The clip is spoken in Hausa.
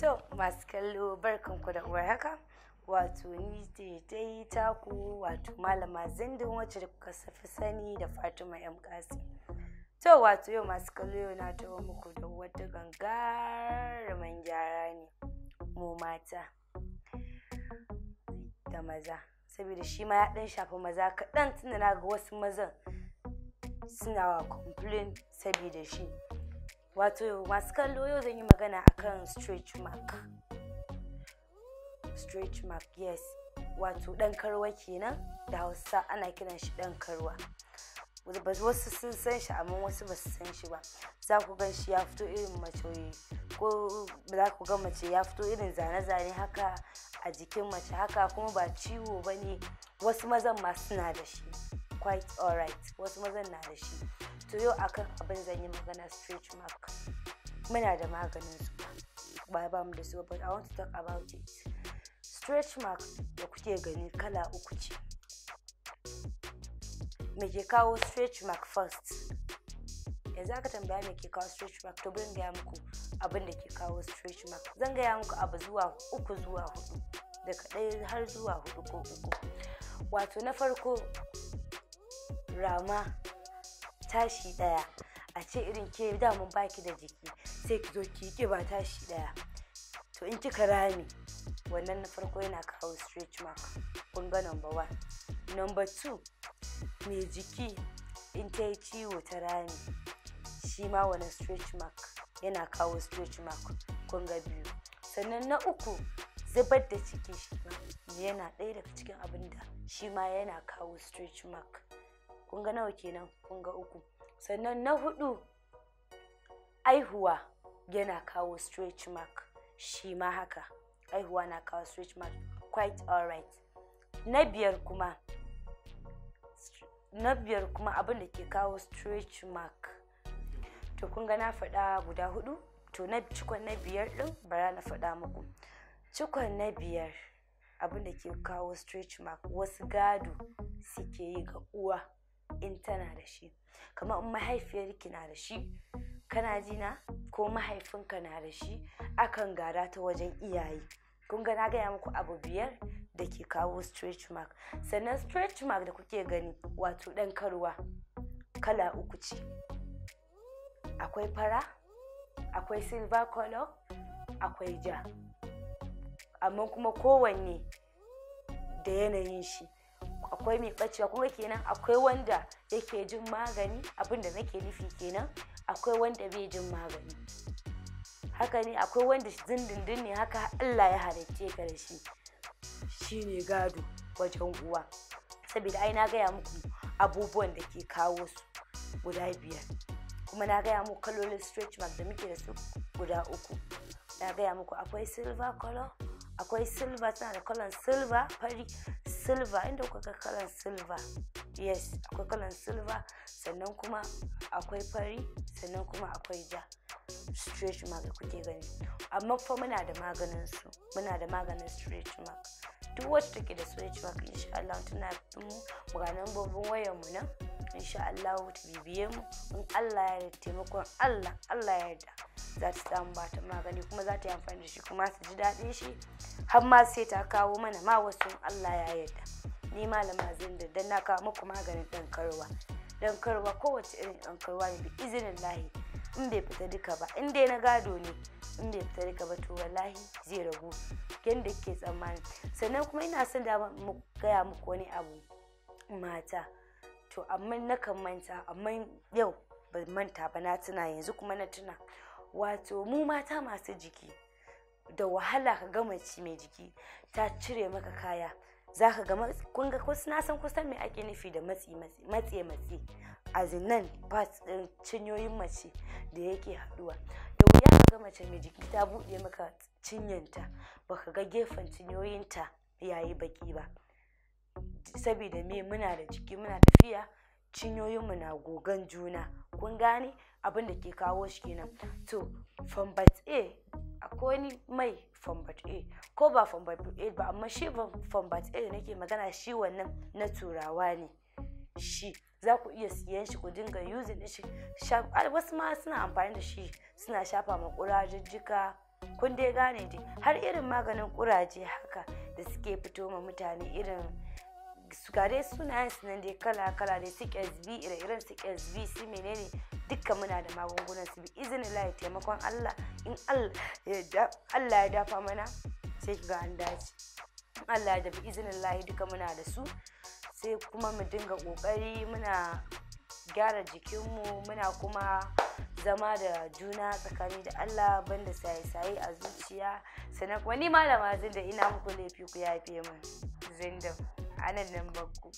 To masu kallo barkanku da uwar haka wato ni ce dai taku wato malama zindin wacce da kuka safi sani da Fatima M Kasi. To wato yau masu kallo yau na tawo muku da wata gangaraman gyara ne mu mata da maza saboda shi ma ya dan shafi maza kaɗan tunda na ga wasu mazan suna complain saboda shi. wato masu kallo yau zan yi magana akan stretch mark stretch mark yes wato dan karwa kenan da hausa ana kiran shi dan karwa wasu sun san shi amma wasu ba su san shi ba za ku gan shi ya fito irin mace ko za ku ga mace ya fito irin zane-zane haka a jikin mace haka kuma ba ciwo ba ne wasu mazan masu na da shi quite alright wasu mazan na da shi to yau akan abin zan yi magana stretch mark muna da maganin su ba ba mu da su but i want to talk about it stretch mark da kuke gani kala uku ce me ke kawo stretch mark first yanzu aka tambaya me ke kawo stretch mark to bari gaya muku abin da ke kawo stretch mark zan gaya muku abu zuwa uku zuwa hudu daga ɗaya har zuwa hudu ko uku wato na farko rama tashi daya a ce irin ke damun baki da jiki sai ki zo ki yi ba tashi daya to in kika rami wannan na farko yana kawo stretch mark kun ga number one number two mai jiki in ta yi ciwo ta rami shi ma wani stretch mark yana kawo stretch mark kun ga biyu sannan na uku zubar da ciki yana ɗaya daga cikin abinda da shi ma yana kawo stretch mark kun ga nawa kenan kun ga uku sannan na hudu aihuwa yana kawo stretch mark shi ma haka aihuwa na kawo stretch mark quite alright na biyar kuma na biyar kuma abin da ke kawo stretch mark to kun ga na faɗa guda hudu to na cikon na biyar ɗin bara na faɗa muku cikon na biyar abin da ke kawo stretch mark wasu gado suke yi ga uwa in tana da shi kamar in mahaifiyarki na da shi kana jina ko mahaifinka na da shi akan gara ta wajen iyaye kun ga na gaya muku abu biyar da ke kawo stretch mark sannan stretch mark da kuke gani wato ɗan karuwa kala uku ce akwai fara akwai silver color akwai ja amma kuma kowanne da yanayin shi akwai mai bacewa kuma kenan akwai wanda yake jin magani abinda nake nufi kenan akwai wanda bai jin magani haka ne akwai wanda zindindin ne haka Allah ya halarci ka da shi shine gado wajen uwa saboda ai na gaya muku abubuwan da ke kawo su guda biyar kuma na gaya muku kalolin stretch mark da muke da su guda uku na gaya muku akwai silver color akwai silver tana da kalan silver fari silver inda kuka ga kalan silver yes akwai kalan silver sannan kuma akwai fari sannan kuma akwai ja stretch mark da kuke gani amma fa muna da maganin su muna da maganin stretch mark duk wacce take da stretch mark insha Allah tana mu ga nan babban wayar mu nan insha Allah ta bibiye mu in Allah ya taimakon Allah Allah ya yarda za ta samu ba ta magani kuma za ta yi amfani da shi kuma su ji daɗin shi har ma sai ta kawo mana ma wasu Allah ya yarda ni malama zan da dan na kawo muku maganin dan karwa dan karwa kowace irin dan karwa ne bi izinin lahi in bai fita duka ba in dai na gado ne in bai fita duka ba to wallahi zai ragu yadda ke tsammani sannan kuma ina son da mu gaya muku wani abu mata to amma na kan manta amma yau ban manta ba na tuna yanzu kuma na tuna wato mu mata masu jiki da wahala ka ga mace mai jiki ta cire maka kaya za ka ga kun ga na san kusan me ake nufi da matsi matsi matsi azinan part din cinyoyin mace da yake haduwa da wuya ka ga mace mai jiki ta buɗe maka cinyanta baka ga gefen cinyoyinta yayi baki ba saboda me muna da jiki muna tafiya mu na gogan juna kun gane abin da ke kawo shi kenan to fambat a akwai ni mai fambat a ko ba fambat a ba amma shi fambat a da nake magana shi wannan na turawa ne shi za ku iya siyan shi ku dinga yuzi din shi wasu ma suna amfani da shi suna shafa ma ƙurajijjika kun dai gane dai har irin maganin kuraje haka da suke fito ma mutane irin gare dai sunayen su nan dai kala kala da su ƙyazbi ire-iren su ƙyazbi su menene dukkan muna da magungunan su bi izinin layi taimakon Allah in Allah ya dafa mana sai ki ga an dace Allah ya dafa izinin layi duka muna da su sai kuma mu dinga ƙoƙari muna gyara jikinmu muna kuma zama da juna tsakani da Allah banda saye-saye a zuciya sannan kuma ni malama zinda ina muku laifi ku yafe min zinda a nan nan bakku